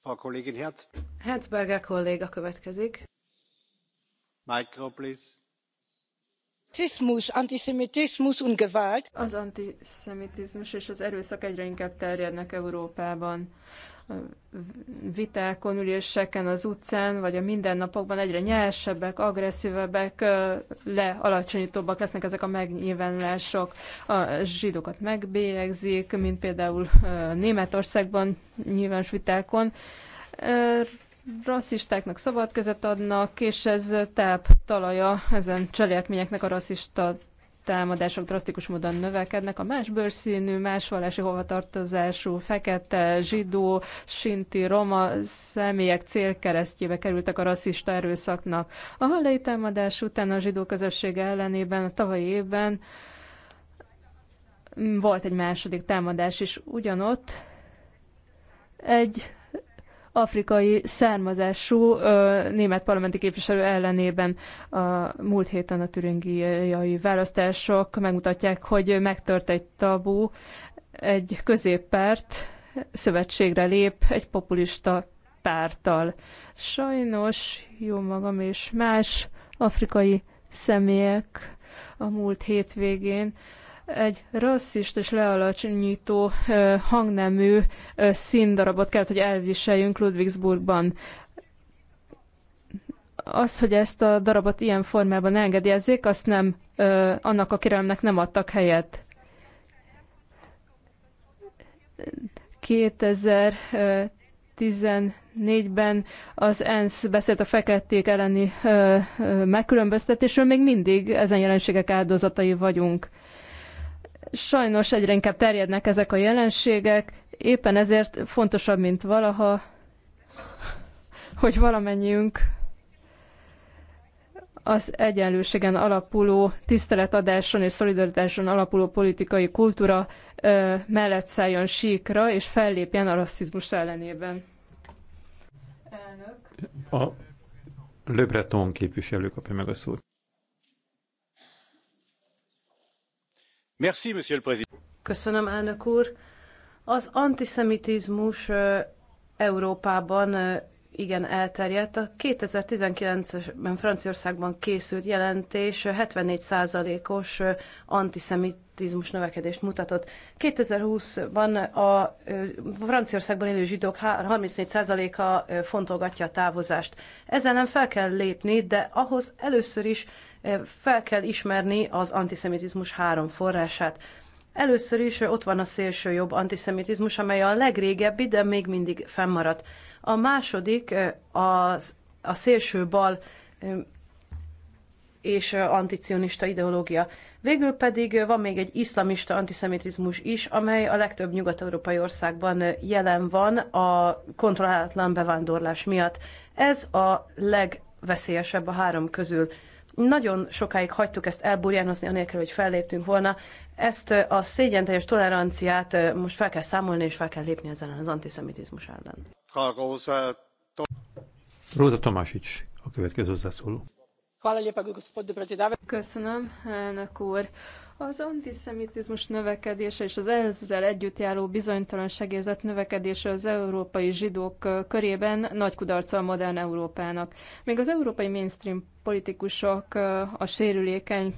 Speaker 3: A kollégin Herz.
Speaker 1: Herzberger kolléga következik.
Speaker 3: Micro, please.
Speaker 1: Rasszizmus, antiszemitizmus und Gewalt. Az antiszemitizmus és az erőszak egyre inkább terjednek Európában. A vitákon, üléseken, az utcán, vagy a mindennapokban egyre nyersebbek, agresszívebbek, lealacsonyítóbbak lesznek ezek a megnyilvánulások. A zsidókat megbélyegzik, mint például Németországban nyilvános vitákon rasszistáknak szabad kezet adnak, és ez táp talaja ezen cselekményeknek a rasszista támadások drasztikus módon növekednek. A más bőrszínű, más vallási hovatartozású, fekete, zsidó, sinti, roma személyek célkeresztjébe kerültek a rasszista erőszaknak. A hallai támadás után a zsidó közösség ellenében a tavalyi évben volt egy második támadás is ugyanott. Egy afrikai származású német parlamenti képviselő ellenében a múlt héten a türingiai választások megmutatják, hogy megtört egy tabu, egy középpárt szövetségre lép egy populista párttal. Sajnos jó magam és más afrikai személyek a múlt hétvégén egy rasszist és lealacsonyító hangnemű színdarabot kellett, hogy elviseljünk Ludwigsburgban. Az, hogy ezt a darabot ilyen formában engedélyezzék, azt nem, annak a kérelemnek nem adtak helyet. 2014-ben az ENSZ beszélt a feketék elleni megkülönböztetésről, még mindig ezen jelenségek áldozatai vagyunk. Sajnos egyre inkább terjednek ezek a jelenségek, éppen ezért fontosabb, mint valaha, hogy valamennyiünk az egyenlőségen alapuló, tiszteletadáson és szolidaritáson alapuló politikai kultúra ö, mellett szálljon síkra, és fellépjen a rasszizmus ellenében.
Speaker 2: Elnök. A Le Breton képviselő kapja meg a szót.
Speaker 5: Köszönöm, elnök úr. Az antiszemitizmus Európában igen elterjedt. A 2019-ben Franciaországban készült jelentés 74%-os antiszemitizmus növekedést mutatott. 2020-ban a Franciaországban élő zsidók 34%-a fontolgatja a távozást. Ezzel nem fel kell lépni, de ahhoz először is fel kell ismerni az antiszemitizmus három forrását. Először is ott van a szélső jobb antiszemitizmus, amely a legrégebbi, de még mindig fennmaradt. A második az, a szélső bal és anticionista ideológia. Végül pedig van még egy iszlamista antiszemitizmus is, amely a legtöbb nyugat-európai országban jelen van a kontrollálatlan bevándorlás miatt. Ez a legveszélyesebb a három közül. Nagyon sokáig hagytuk ezt elburjánozni, anélkül, hogy felléptünk volna. Ezt a szégyenteljes toleranciát most fel kell számolni, és fel kell lépni ezzel az antiszemitizmus ellen.
Speaker 2: Róza Tomásics, a következő hozzászóló.
Speaker 1: Köszönöm, elnök úr. Az antiszemitizmus növekedése és az ezzel együtt járó segélyzet növekedése az európai zsidók körében nagy kudarca a modern Európának. Még az európai mainstream politikusok a sérülékeny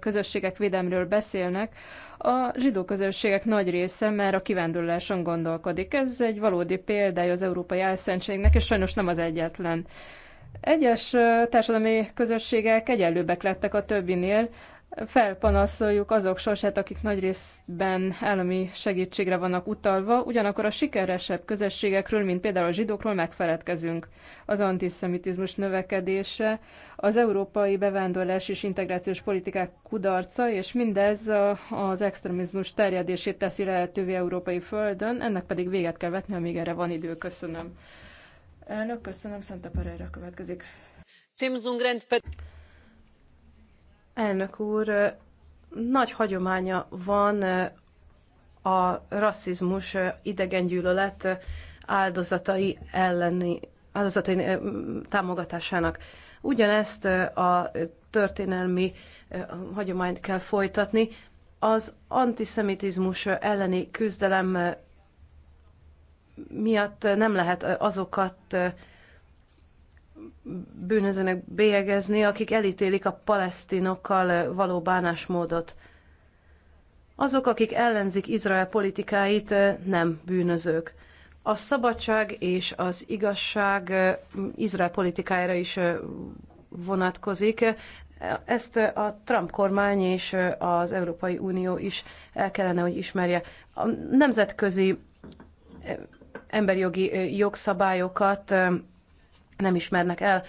Speaker 1: közösségek védelmről beszélnek, a zsidó közösségek nagy része már a kivándorláson gondolkodik. Ez egy valódi példája az európai álszentségnek, és sajnos nem az egyetlen. Egyes társadalmi közösségek egyenlőbbek lettek a többinél, felpanaszoljuk azok sorsát, akik nagy részben állami segítségre vannak utalva, ugyanakkor a sikeresebb közösségekről, mint például a zsidókról megfeledkezünk. Az antiszemitizmus növekedése, az európai bevándorlás és integrációs politikák kudarca, és mindez az extremizmus terjedését teszi lehetővé európai földön, ennek pedig véget kell vetni, amíg erre van idő. Köszönöm. Elnök, köszönöm. Szente következik.
Speaker 5: Temos um grande Elnök úr, nagy hagyománya van a rasszizmus, idegengyűlölet áldozatai elleni, áldozatai támogatásának. Ugyanezt a történelmi hagyományt kell folytatni. Az antiszemitizmus elleni küzdelem miatt nem lehet azokat bűnözőnek bélyegezni, akik elítélik a palesztinokkal való bánásmódot. Azok, akik ellenzik Izrael politikáit, nem bűnözők. A szabadság és az igazság mm, Izrael politikájára is vonatkozik. Ezt a Trump kormány és az Európai Unió is el kellene, hogy ismerje. A nemzetközi emberi jogszabályokat nem ismernek el.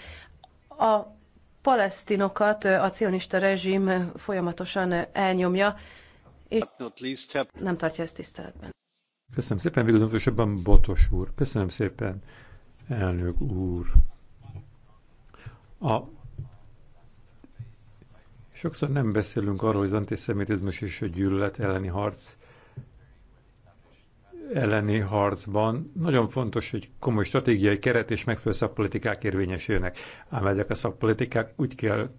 Speaker 5: A palesztinokat a cionista rezsim folyamatosan elnyomja, és nem tartja ezt tiszteletben.
Speaker 2: Köszönöm szépen, végül Botos úr. Köszönöm szépen, elnök úr. A... Sokszor nem beszélünk arról, hogy az antiszemitizmus és a gyűlölet elleni harc elleni harcban nagyon fontos, hogy komoly stratégiai keret és megfelelő szakpolitikák érvényesülnek. Ám ezek a szakpolitikák úgy kell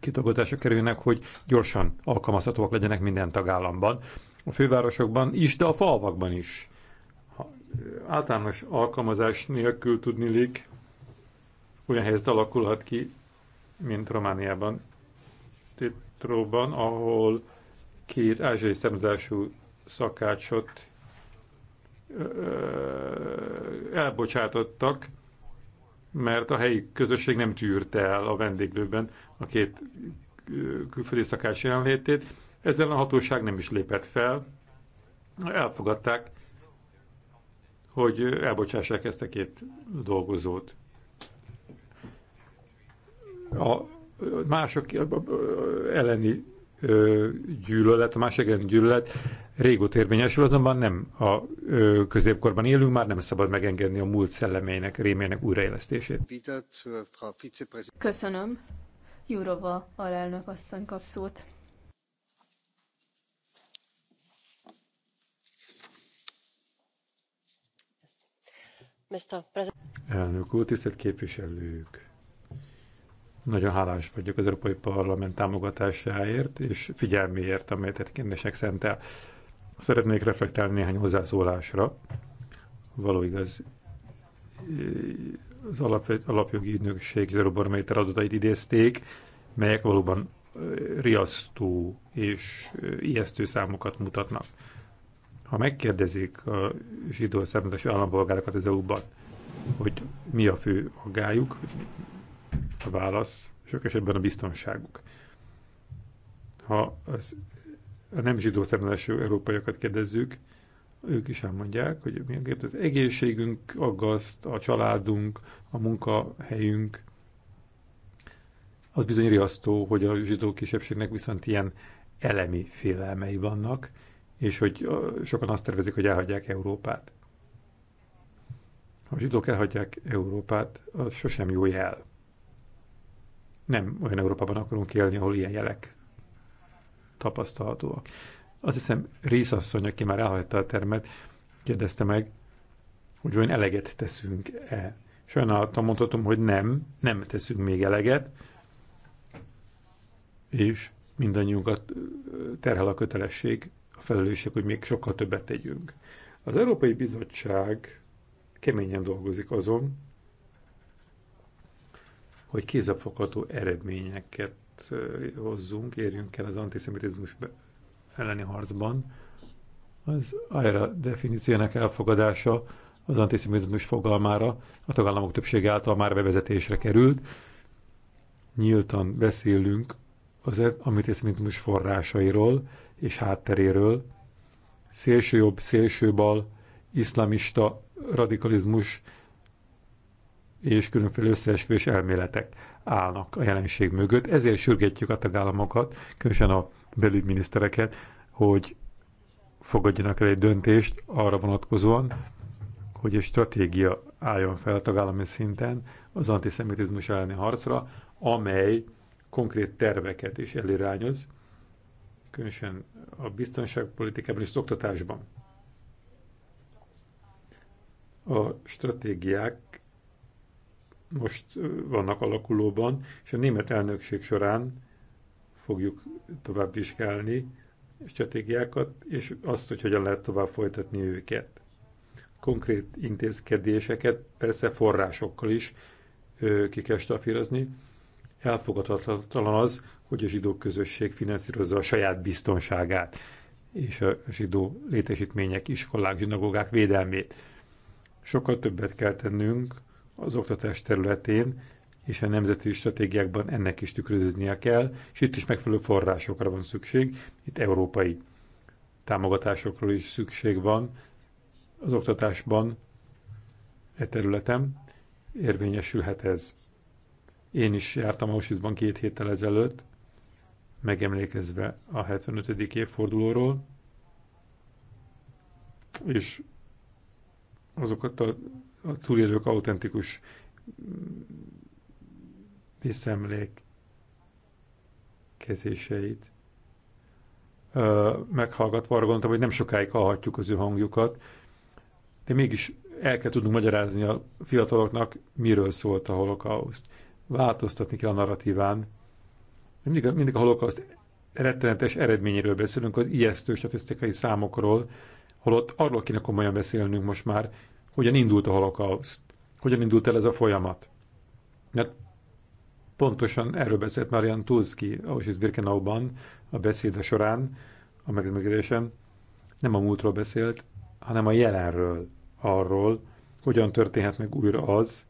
Speaker 2: kitagozásra kerülnek, hogy gyorsan alkalmazhatóak legyenek minden tagállamban, a fővárosokban is, de a falvakban is. Ha általános alkalmazás nélkül tudnilik, olyan helyzet alakulhat ki, mint Romániában, Tétróban, ahol két ázsiai származású szakácsot elbocsátottak, mert a helyi közösség nem tűrte el a vendéglőben a két külföldi szakás jelenlétét. Ezzel a hatóság nem is lépett fel. Elfogadták, hogy elbocsássák ezt a két dolgozót. A mások elleni gyűlölet, a másik elleni gyűlölet régóta érvényesül, azonban nem a ö, középkorban élünk, már nem szabad megengedni a múlt szellemének, rémének újraélesztését.
Speaker 1: Köszönöm. Jurova alelnök asszony kap szót.
Speaker 2: Elnök úr, tisztelt képviselők! Nagyon hálás vagyok az Európai Parlament támogatásáért és figyelméért, amelyet kérdések szentel Szeretnék reflektálni néhány hozzászólásra. Való igaz, az alap, alapjogi ügynökség Zerobarométer adatait idézték, melyek valóban riasztó és ijesztő számokat mutatnak. Ha megkérdezik a zsidó szemletes állampolgárokat az EU-ban, hogy mi a fő aggájuk, a válasz sok esetben a biztonságuk. Ha az a nem zsidó szemleleső európaiakat kérdezzük, ők is elmondják, hogy miért az egészségünk aggaszt, a családunk, a munkahelyünk. Az bizony riasztó, hogy a zsidó kisebbségnek viszont ilyen elemi félelmei vannak, és hogy sokan azt tervezik, hogy elhagyják Európát. Ha a zsidók elhagyják Európát, az sosem jó jel. Nem olyan Európában akarunk élni, ahol ilyen jelek tapasztalhatóak. Azt hiszem, részasszony, aki már elhagyta a termet, kérdezte meg, hogy olyan eleget teszünk-e. Sajnálattal mondhatom, hogy nem, nem teszünk még eleget, és mindannyiunkat terhel a kötelesség, a felelősség, hogy még sokkal többet tegyünk. Az Európai Bizottság keményen dolgozik azon, hogy kézzelfogható eredményeket hozzunk, érjünk el az antiszemitizmus elleni harcban. Az AIRA definíciójának elfogadása az antiszemitizmus fogalmára a tagállamok többsége által már bevezetésre került. Nyíltan beszélünk az e- antiszemitizmus forrásairól és hátteréről. Szélső jobb, szélső bal, iszlamista radikalizmus és különféle összeesküvés elméletek állnak a jelenség mögött. Ezért sürgetjük a tagállamokat, különösen a belügyminisztereket, hogy fogadjanak el egy döntést arra vonatkozóan, hogy egy stratégia álljon fel a tagállami szinten az antiszemitizmus elleni harcra, amely konkrét terveket is elirányoz, különösen a biztonságpolitikában és az oktatásban. A stratégiák most vannak alakulóban, és a német elnökség során fogjuk tovább vizsgálni stratégiákat, és azt, hogy hogyan lehet tovább folytatni őket. Konkrét intézkedéseket persze forrásokkal is ki kell stafírozni. Elfogadhatatlan az, hogy a zsidó közösség finanszírozza a saját biztonságát és a zsidó létesítmények, iskolák, zsinagógák védelmét. Sokkal többet kell tennünk az oktatás területén és a nemzeti stratégiákban ennek is tükröznie kell, és itt is megfelelő forrásokra van szükség, itt európai támogatásokról is szükség van az oktatásban, e területen érvényesülhet ez. Én is jártam Auschwitzban két héttel ezelőtt, megemlékezve a 75. évfordulóról, és azokat a a túlélők autentikus visszaemlék kezéseit meghallgatva arra gondoltam, hogy nem sokáig hallhatjuk az ő hangjukat, de mégis el kell tudnunk magyarázni a fiataloknak, miről szólt a holokauszt. Változtatni kell a narratíván. Mindig, a, mindig a holokauszt rettenetes eredményéről beszélünk, az ijesztő statisztikai számokról, holott arról kéne komolyan beszélnünk most már, hogyan indult a holokauszt, hogyan indult el ez a folyamat. Mert pontosan erről beszélt Marian Tulski auschwitz ban a beszéde során, a megemlékezésen nem a múltról beszélt, hanem a jelenről, arról, hogyan történhet meg újra az,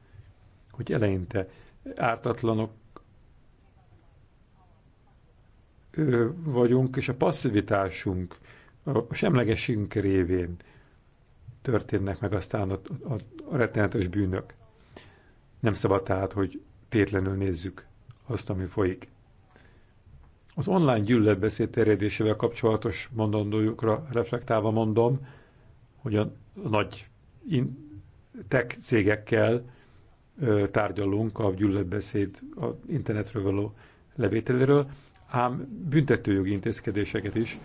Speaker 2: hogy eleinte ártatlanok vagyunk, és a passzivitásunk, a semlegességünk révén történnek meg aztán a, a, a rettenetes bűnök. Nem szabad tehát, hogy tétlenül nézzük azt, ami folyik. Az online gyűlöletbeszéd terjedésével kapcsolatos mondandójukra reflektálva mondom, hogy a nagy in- tech cégekkel ö, tárgyalunk a gyűlöletbeszéd a internetről való levételéről, ám büntetőjogi intézkedéseket is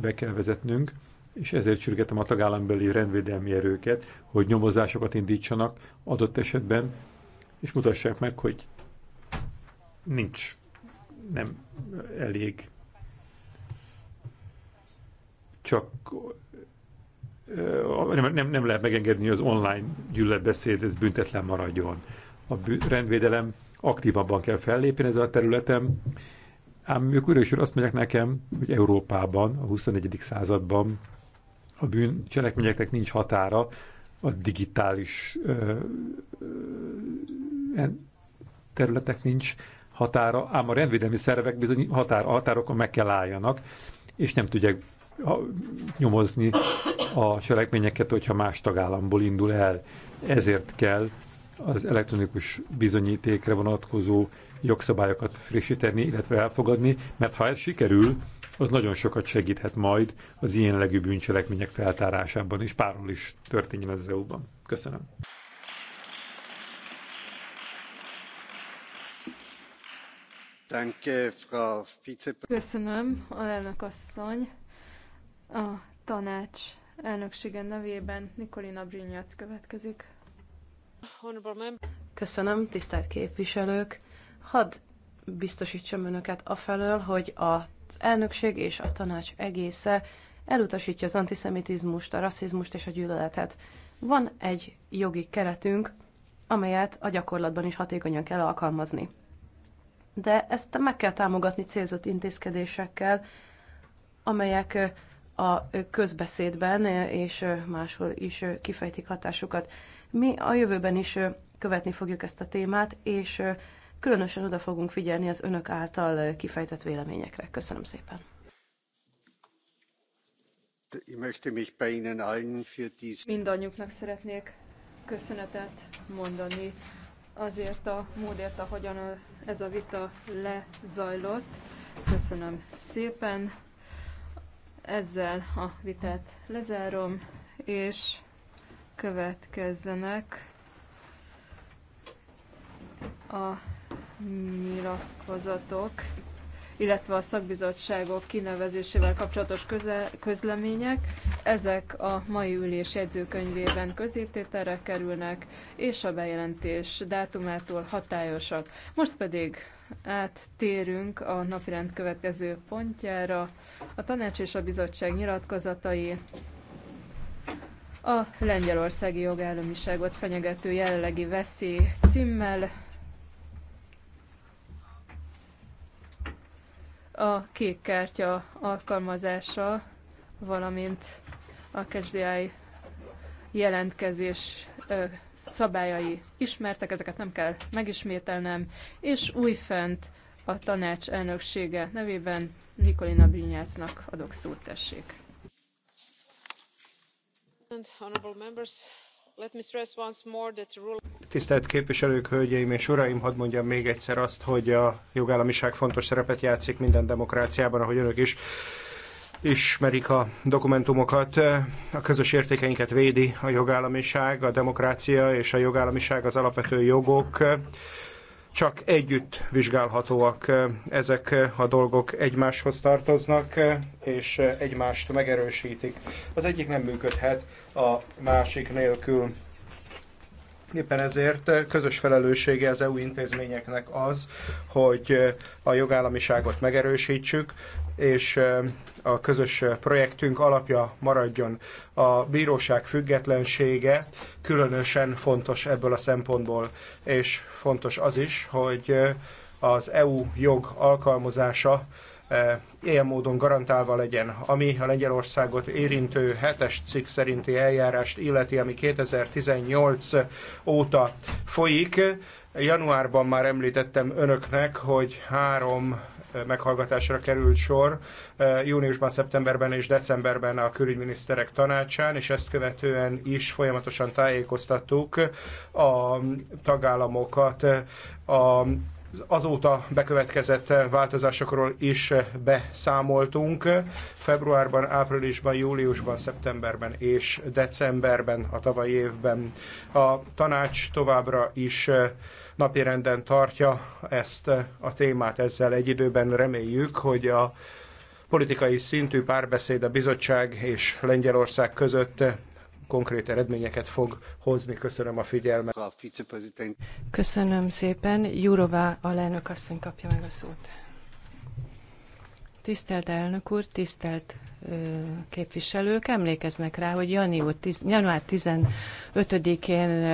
Speaker 2: be kell vezetnünk, és ezért sürgetem a tagállambeli rendvédelmi erőket, hogy nyomozásokat indítsanak adott esetben, és mutassák meg, hogy nincs, nem elég csak nem, nem, nem lehet megengedni, hogy az online gyűlöletbeszéd ez büntetlen maradjon. A rendvédelem aktívabban kell fellépni ezen a területen, ám ők újra is azt mondják nekem, hogy Európában, a 21. században a bűncselekményeknek nincs határa a digitális ö, ö, területek nincs határa, ám a rendvédelmi szervek bizony határ, határokon meg kell álljanak, és nem tudják nyomozni a cselekményeket, hogyha más tagállamból indul el. Ezért kell az elektronikus bizonyítékre vonatkozó jogszabályokat frissíteni, illetve elfogadni, mert ha ez sikerül, az nagyon sokat segíthet majd az ilyen legű bűncselekmények feltárásában, és párhol is történjen az EU-ban. Köszönöm.
Speaker 3: Köszönöm,
Speaker 1: alelnök asszony. A tanács elnöksége nevében Nikolina Brinyac következik.
Speaker 5: Köszönöm, tisztelt képviselők! Hadd biztosítsam önöket afelől, hogy az elnökség és a tanács egésze elutasítja az antiszemitizmust, a rasszizmust és a gyűlöletet. Van egy jogi keretünk, amelyet a gyakorlatban is hatékonyan kell alkalmazni. De ezt meg kell támogatni célzott intézkedésekkel, amelyek a közbeszédben és máshol is kifejtik hatásukat. Mi a jövőben is követni fogjuk ezt a témát, és Különösen oda fogunk figyelni az önök által eh, kifejtett véleményekre. Köszönöm szépen.
Speaker 1: Mindannyiuknak szeretnék köszönetet mondani azért a módért, ahogyan ez a vita lezajlott. Köszönöm szépen. Ezzel a vitát lezárom, és következzenek a nyilatkozatok, illetve a szakbizottságok kinevezésével kapcsolatos köze, közlemények. Ezek a mai ülés jegyzőkönyvében középtételre kerülnek, és a bejelentés dátumától hatályosak. Most pedig áttérünk a napirend következő pontjára. A tanács és a bizottság nyilatkozatai a lengyelországi jogállamiságot fenyegető jelenlegi veszély címmel a kék kártya alkalmazása, valamint a KSDI jelentkezés szabályai ismertek, ezeket nem kell megismételnem, és újfent a tanács elnöksége nevében Nikolina Brinyácnak adok szót, tessék.
Speaker 3: Tisztelt képviselők, hölgyeim és uraim, hadd mondjam még egyszer azt, hogy a jogállamiság fontos szerepet játszik minden demokráciában, ahogy önök is ismerik a dokumentumokat, a közös értékeinket védi a jogállamiság, a demokrácia és a jogállamiság az alapvető jogok csak együtt vizsgálhatóak ezek a dolgok egymáshoz tartoznak, és egymást megerősítik. Az egyik nem működhet a másik nélkül. Éppen ezért közös felelőssége az EU intézményeknek az, hogy a jogállamiságot megerősítsük, és a közös projektünk alapja maradjon. A bíróság függetlensége különösen fontos ebből a szempontból, és fontos az is, hogy az EU jog alkalmazása ilyen módon garantálva legyen. Ami a Lengyelországot érintő hetes cikk szerinti eljárást illeti, ami 2018 óta folyik, Januárban már említettem önöknek, hogy három eh, meghallgatásra került sor eh, júniusban, szeptemberben és decemberben a külügyminiszterek tanácsán, és ezt követően is folyamatosan tájékoztattuk a tagállamokat eh, a az azóta bekövetkezett változásokról is beszámoltunk. Februárban, áprilisban, júliusban, szeptemberben és decemberben a tavalyi évben. A tanács továbbra is napirenden tartja ezt eh, a témát. Ezzel egy időben reméljük, hogy a politikai szintű párbeszéd a bizottság és Lengyelország között eh, konkrét eredményeket fog hozni. Köszönöm a figyelmet. Köszönöm szépen.
Speaker 4: Jurová alelnök asszony kapja meg a szót. Tisztelt elnök úr, tisztelt képviselők emlékeznek rá, hogy január, 10, január 15-én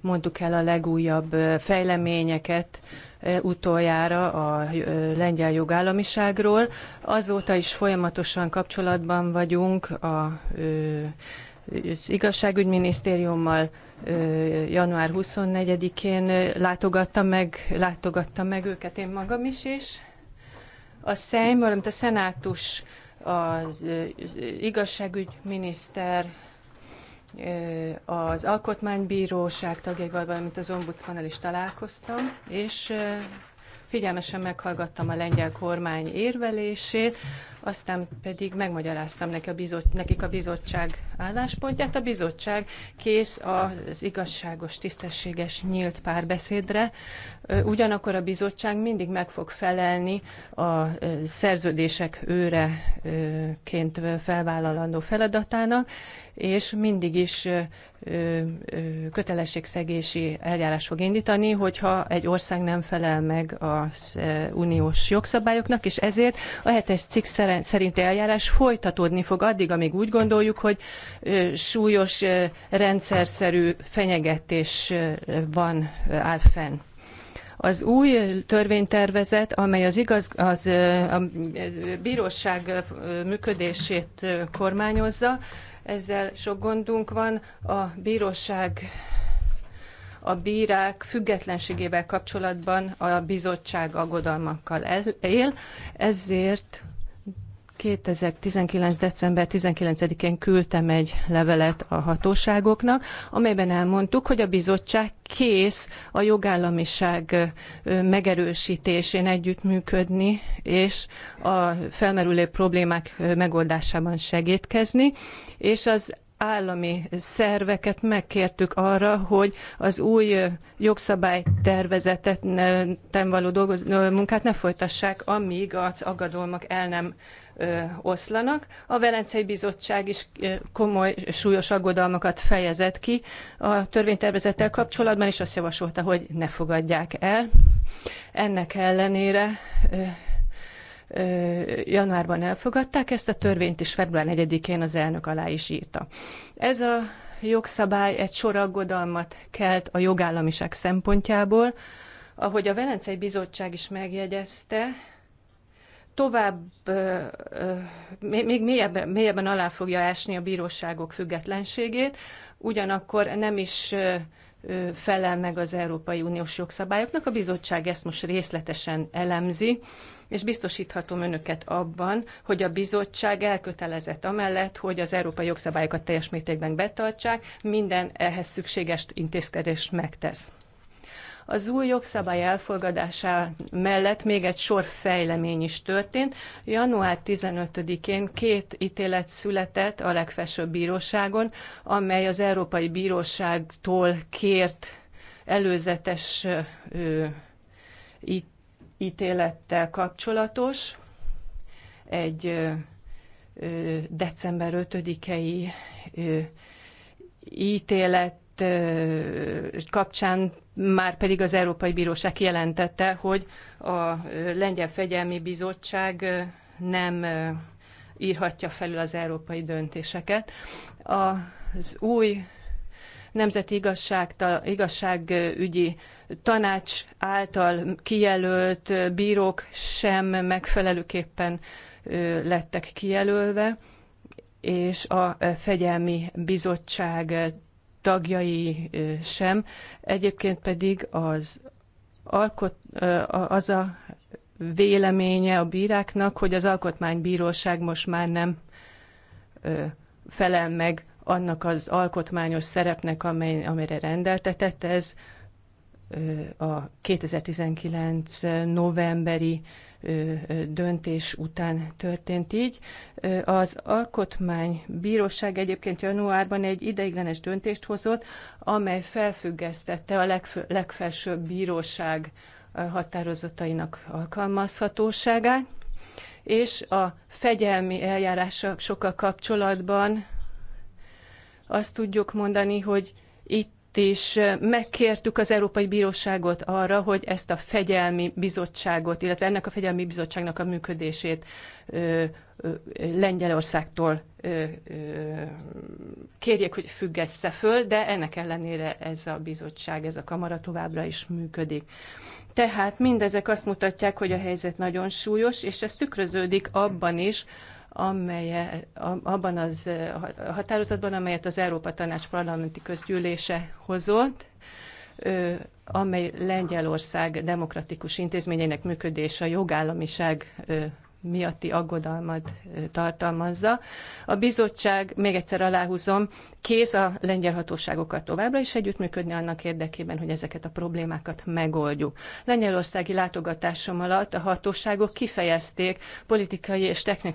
Speaker 4: mondtuk el a legújabb fejleményeket utoljára a lengyel jogállamiságról. Azóta is folyamatosan kapcsolatban vagyunk a az igazságügyminisztériummal január 24-én látogatta meg, látogatta meg őket én magam is, és a Szejm, valamint a Szenátus az igazságügyminiszter, az alkotmánybíróság tagjaival, valamint az ombudsmannal is találkoztam, és figyelmesen meghallgattam a lengyel kormány érvelését, aztán pedig megmagyaráztam neki a bizot, nekik a bizottság álláspontját. A bizottság kész az igazságos, tisztességes, nyílt párbeszédre. Ugyanakkor a bizottság mindig meg fog felelni a szerződések őreként felvállalandó feladatának, és mindig is kötelességszegési eljárás fog indítani, hogyha egy ország nem felel meg az uniós jogszabályoknak, és ezért a hetes cikk szerinti eljárás folytatódni fog addig, amíg úgy gondoljuk, hogy súlyos, rendszerszerű fenyegetés van, áll fenn az új törvénytervezet, amely az, igaz, az a bíróság működését kormányozza, ezzel sok gondunk van. A bíróság a bírák függetlenségével kapcsolatban a bizottság aggodalmakkal él, ezért 2019. december 19-én küldtem egy levelet a hatóságoknak, amelyben elmondtuk, hogy a bizottság kész a jogállamiság megerősítésén együttműködni, és a felmerülő problémák megoldásában segítkezni, és az állami szerveket megkértük arra, hogy az új jogszabálytervezetet való dolgoz, munkát ne folytassák, amíg az aggodalmak el nem oszlanak. A Velencei Bizottság is komoly, súlyos aggodalmakat fejezett ki a törvénytervezettel kapcsolatban, és azt javasolta, hogy ne fogadják el. Ennek ellenére januárban elfogadták ezt a törvényt, és február 4-én az elnök alá is írta. Ez a jogszabály egy sor aggodalmat kelt a jogállamiság szempontjából, ahogy a Velencei Bizottság is megjegyezte, tovább, még mélyebben, mélyebben alá fogja ásni a bíróságok függetlenségét, ugyanakkor nem is felel meg az Európai Uniós jogszabályoknak. A bizottság ezt most részletesen elemzi, és biztosíthatom önöket abban, hogy a bizottság elkötelezett amellett, hogy az európai jogszabályokat teljes mértékben betartsák, minden ehhez szükséges intézkedést megtesz. Az új jogszabály elfogadása mellett még egy sor fejlemény is történt. Január 15-én két ítélet született a legfelsőbb bíróságon, amely az Európai Bíróságtól kért előzetes ö, ítélettel kapcsolatos. Egy ö, december 5-i ítélet kapcsán már pedig az Európai Bíróság jelentette, hogy a Lengyel Fegyelmi Bizottság nem írhatja felül az európai döntéseket. Az új Nemzeti Igazságügyi Tanács által kijelölt bírók sem megfelelőképpen lettek kijelölve, és a Fegyelmi Bizottság tagjai sem. Egyébként pedig az, alkot, az a véleménye a bíráknak, hogy az alkotmánybíróság most már nem felel meg annak az alkotmányos szerepnek, amely, amelyre rendeltetett. Ez a 2019 novemberi döntés után történt így. Az Alkotmánybíróság egyébként januárban egy ideiglenes döntést hozott, amely felfüggesztette a legf- legfelsőbb bíróság határozatainak alkalmazhatóságát, és a fegyelmi sokkal kapcsolatban azt tudjuk mondani, hogy itt is megkértük az Európai Bíróságot arra, hogy ezt a fegyelmi bizottságot, illetve ennek a fegyelmi bizottságnak a működését ö, ö, Lengyelországtól ö, kérjék, hogy függesse föl, de ennek ellenére ez a bizottság, ez a kamara továbbra is működik. Tehát mindezek azt mutatják, hogy a helyzet nagyon súlyos, és ez tükröződik abban is, amely abban az eh, határozatban, amelyet az Európa Tanács parlamenti közgyűlése hozott, amely Lengyelország demokratikus intézményeinek működése a jogállamiság miatti aggodalmat tartalmazza. A bizottság, még egyszer aláhúzom, kész a lengyel hatóságokat továbbra is együttműködni annak érdekében, hogy ezeket a problémákat megoldjuk. Lengyelországi látogatásom alatt a hatóságok kifejezték politikai és technikai